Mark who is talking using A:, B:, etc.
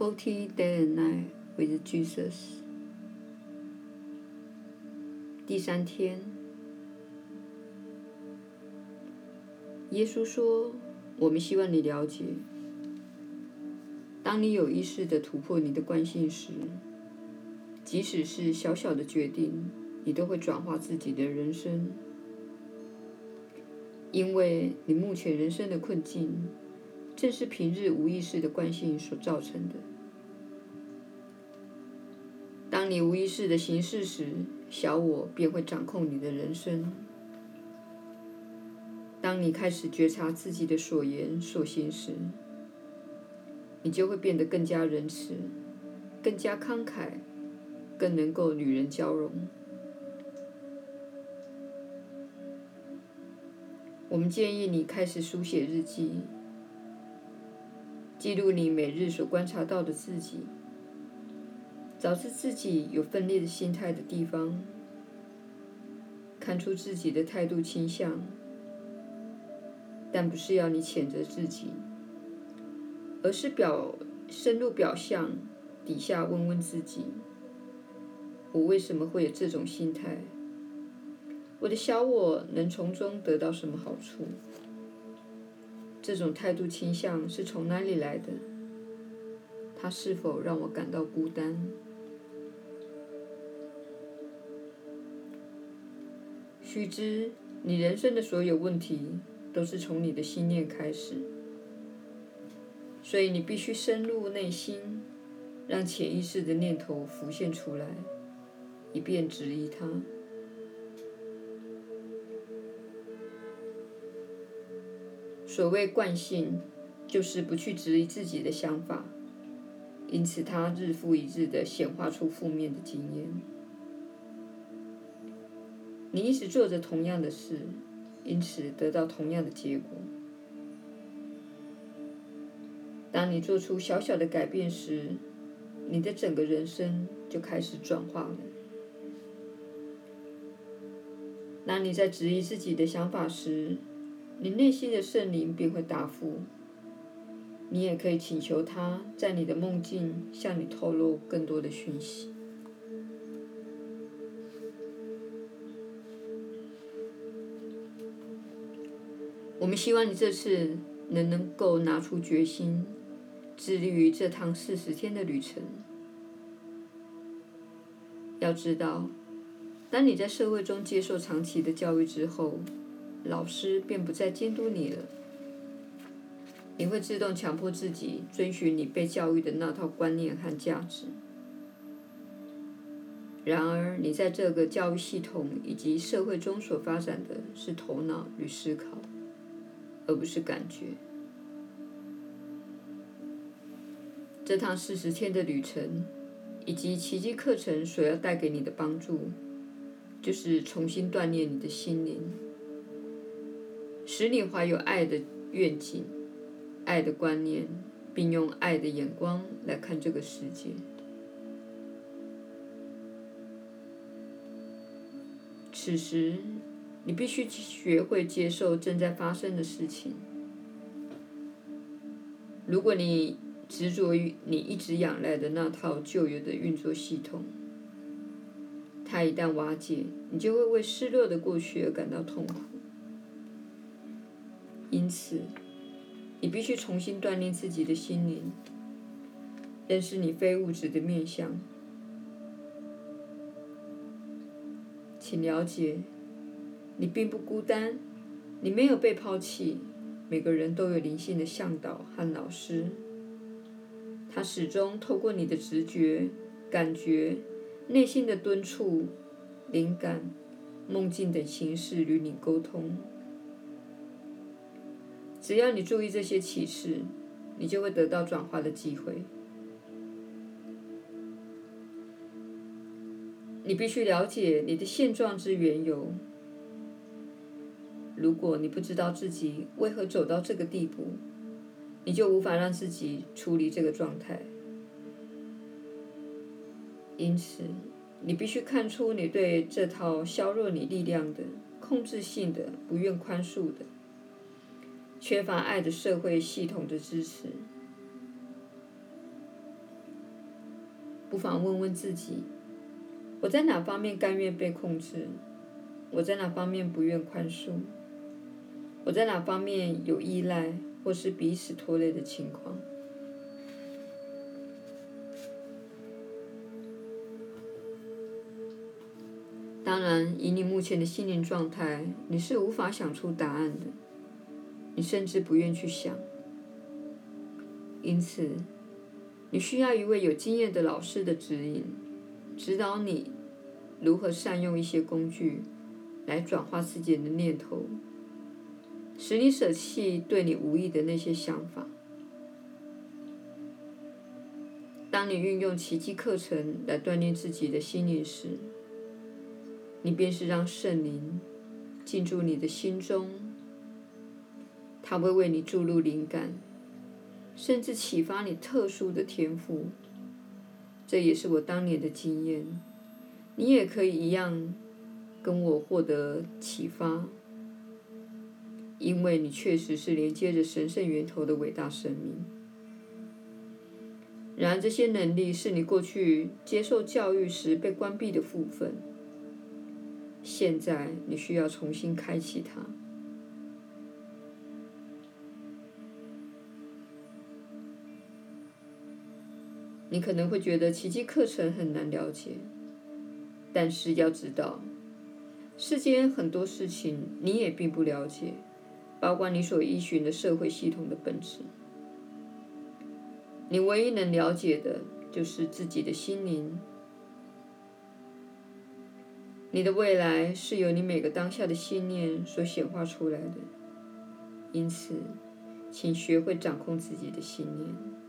A: 40 day and night with Jesus。第三天，耶穌說：“我們希望你了解，當你有意識地突破你的慣性時，即使是小小的決定，你都會轉化自己的人生，因為你目前人生的困境，正是平日無意識的慣性所造成的。”當你無意識地行事時，小我便會掌控你的人生。當你開始覺察自己的所言所行時，你就會變得更加仁慈、更加慷慨、更能夠與人交融。我們建議你開始書寫日記，記錄你每日所觀察到的自己。找出自己有分裂的心態的地方，看出自己的態度傾向，但不是要你譴責自己，而是表，深入表象底下問問自己：我為什麼會有這種心態？我的小我能從中得到什麼好處？這種態度傾向是從哪裡來的？它是否讓我感到孤單？須知，你人生的所有問題都是從你的信念開始，所以你必須深入內心，讓潛意識的念頭浮現出來，以便質疑它。所謂慣性，就是不去質疑自己的想法，因此它日復一日地顯化出負面的經驗。你一直做着同樣的事，因此得到同樣的結果。當你做出小小的改變時，你的整個人生就開始轉化了。當你在質疑自己的想法時，你內心的聖靈便會答覆。你也可以請求他在你的夢境向你透露更多的訊息。我們希望你這次能能夠拿出決心，致力於這趟四十天的旅程。要知道，當你在社會中接受長期的教育之後，老師便不再監督你了。你會自動強迫自己遵循你被教育的那套觀念和價值。然而，你在這個教育系統以及社會中所發展的是頭腦與思考。而不是感覺。這趟四十天的旅程，以及奇蹟課程所要帶給你的幫助，就是重新鍛鍊你的心靈，使你懷有愛的願景、愛的觀念，並用愛的眼光來看這個世界。此時。你必須學會接受正在發生的事情。如果你執着於你一直仰賴的那套舊有的運作系統，它一旦瓦解，你就會為失落的過去而感到痛苦。因此，你必須重新鍛鍊自己的心靈，認識你非物質的面向。請了解。你並不孤單，你沒有被拋棄。每個人都有靈性的向導和老師，他始終透過你的直覺、感覺、內心的敦促、靈感、夢境等形式與你溝通。只要你注意這些啟示，你就會得到轉化的機會。你必須了解你的現狀之緣由。如果你不知道自己為何走到這個地步，你就無法讓自己處理這個狀態。因此，你必須看出你對這套削弱你力量的、控制性的、不願寬恕的、缺乏愛的社會系統的支持。不妨問問自己：我在哪方面甘願被控制？我在哪方面不願寬恕？我在哪方面有依賴，或是彼此拖累的情況？當然，以你目前的心靈狀態，你是無法想出答案的。你甚至不願去想。因此，你需要一位有經驗的老師的指引，指導你如何善用一些工具，來轉化自己的念頭。使你捨棄對你無益的那些想法。當你運用奇蹟課程來鍛鍊自己的心靈時，你便是讓聖靈進駐你的心中。他會為你注入靈感，甚至啟發你特殊的天賦。這也是我當年的經驗。你也可以一樣，跟我獲得啟發。因為你確實是連接着神聖源頭的偉大生命，然而，這些能力是你過去接受教育時被關閉的部分，現在你需要重新開啟它。你可能會覺得奇蹟課程很難了解，但是要知道，世間很多事情你也並不了解。包括你所依循的社會系統的本質，你唯一能了解的就是自己的心靈。你的未來是由你每個當下的信念所顯化出來的，因此，請學會掌控自己的信念。